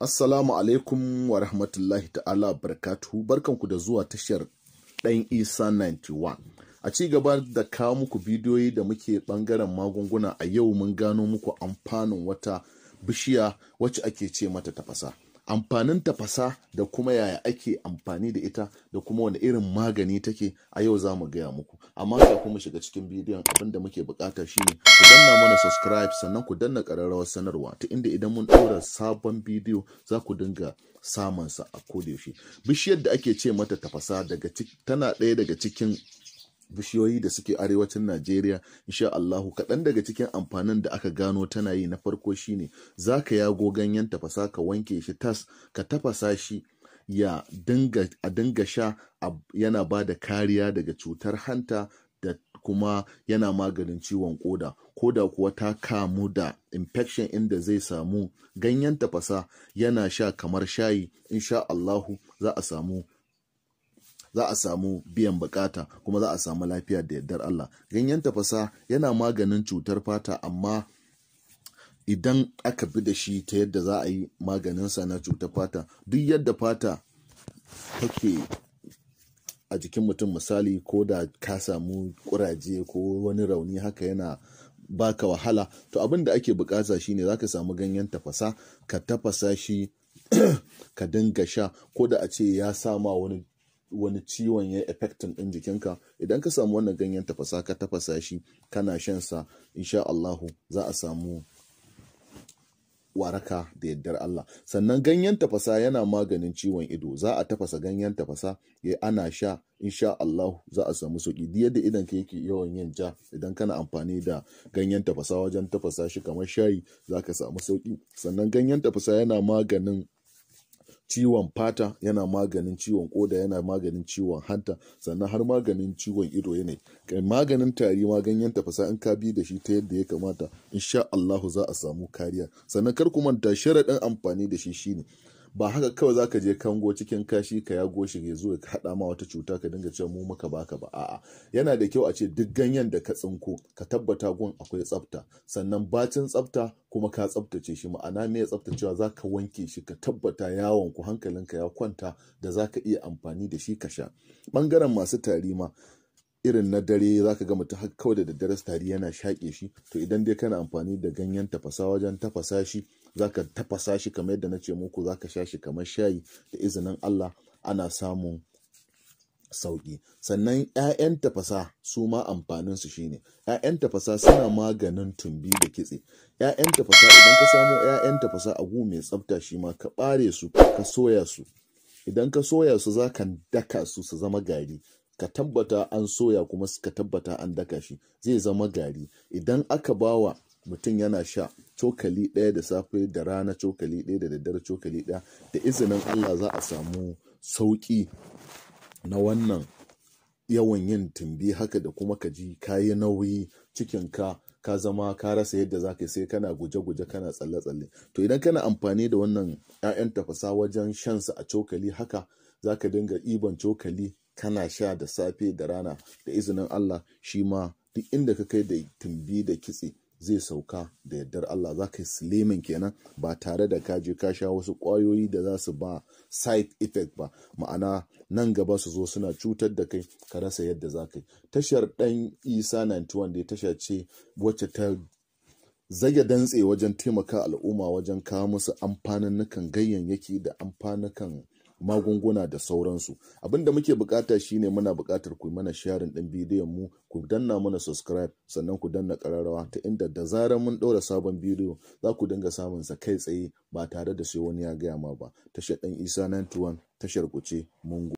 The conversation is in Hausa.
Assalamu alaikum wa rahmatullahi ta'ala barakatuhu barkanku da zuwa tashar ɗan Isa 91. A ci gaba da kawo muku bidiyoyi da muke ɓangaren magunguna a yau mun gano muku amfanin wata bishiya wacce ake ce mata tafasa. amfanin tafasa da kuma yaya ake amfani da ita da kuma wani irin magani take a yau za mu gaya muku amma kafin mu shiga cikin bidiyon abin da muke bukata shine ku danna mana subscribe sannan ku danna ƙararrawar sanarwa ta inda idan mun ɗora sabon bidiyo za ku dinga samunsa a kodayaushe bishiyar da ake ce mata tafasa daga tana ɗaya daga cikin bishiyoyi da suke arewacin Najeriya insha Allahu kaɗan daga cikin amfanin da aka gano tana yi na farko shine za ka yago ganyen tafasa ka wanke shi tas ka tafasa shi ya dinga a dinga sha yana ba da kariya daga cutar hanta da kuma yana maganin ciwon koda koda kuwa ta kamu da infection inda zai samu ganyen tafasa yana sha kamar shayi insha Allahu za a samu za a samu biyan bukata kuma za a samu lafiya da yardar Allah ganyen tafasa yana maganin cutar fata amma idan aka bi da shi ta yadda za a yi maganin sa na cutar fata duk yadda fata take a jikin mutum misali ko da ka samu kuraje ko wani rauni haka yana baka wahala to abin da ake bukata shine zaka samu ganyen tafasa ka tafasa shi ka dinga sha ko da a ce ya sama wani wani ciwon ya efektin din jikinka idan ka samu wannan ganyen tafasa ka tafasa shi kana shan sa insha Allahu za a samu waraka da yardar Allah sannan ganyen tafasa yana maganin ciwon ido za a tafasa ganyen tafasa ya ana sha insha Allah za a samu sauki diya da idan ka yake yawan yin ja idan kana amfani da ganyen tafasa wajen tafasa shi kamar shayi za ka samu sauki sannan ganyen tafasa yana maganin ciwon fata yana maganin ciwon koda yana maganin ciwon hanta sannan har maganin ciwon ido yana kai maganin tari ma ganyen tafasa in ka bi da shi ta yadda ya kamata insha Allah za a samu kariya sannan kar ku manta sharaɗin amfani da shi shine ba haka kawai za ka je kango cikin kashi ka ya goshi ya zo ka haɗa ma wata cuta ka dinga cewa mu muka baka ba a'a yana da kyau a ce duk ganyen da ka tsinko ka tabbata gun akwai tsafta sannan bacin tsafta kuma ka tsaftace shi ma'ana me tsaftacewa za ka wanke shi ka tabbata yawon ku hankalinka ya kwanta da za ka iya amfani da shi ka sha ɓangaren masu tari ma irin na dare za ka ga ta har kawai da daddare tari yana shaƙe shi to idan dai kana amfani da ganyen tafasa wajen tafasa shi za ka tafasa shi kamar yadda na ce muku za ka sha shi kamar shayi da izinin Allah ana samun sauƙi sannan 'ya'yan tafasa su ma amfaninsu shine 'ya'yan tafasa suna maganin tumbi da kitse 'ya'yan tafasa idan ka samo 'ya'yan tafasa a gu mai tsafta shi ma ka ɓare su ka soya su idan ka soya su za ka daka su su zama gari ka tabbata an soya kuma ka tabbata an daka shi zai zama gari idan aka bawa mutum yana sha cokali ɗaya da safe da rana cokali ɗaya da daddare cokali ɗaya da izinin allah za a samu sauƙi na wannan yawan yin tumbi haka da kuma ka ji ka nauyi cikin ka ka zama ka rasa yadda zaka ka sai kana guje-guje kana tsalle-tsalle to idan kana amfani da wannan 'ya'yan tafasa wajen shansa a cokali haka za ka dinga iban cokali kana sha da safe da rana da izinin Allah shi ma duk inda ka kai da tumbi da kitse zai sauka da yardar Allah za ka yi slimin kenan ba tare da ka je ka sha wasu kwayoyi da za su ba side effect ba ma'ana nan gaba su zo suna cutar da kai ka rasa yadda za ka yi tashar ɗan isa 91 da tasha ce wacce ta zage dantse wajen taimaka al'umma wajen kawo musu amfanin nukan gayyanyaki da amfanukan magunguna da sauransu abin da muke bukata shine muna bukatar ku mana sharing din bidiyon mu ku danna mana subscribe sannan ku danna kararrawa ta inda da zarar mun daura sabon bidiyo za ku dinga samun sa kai tsaye ba tare da sai wani ya gaya ma ba tashar dan isa 91 tashar kuce mungu.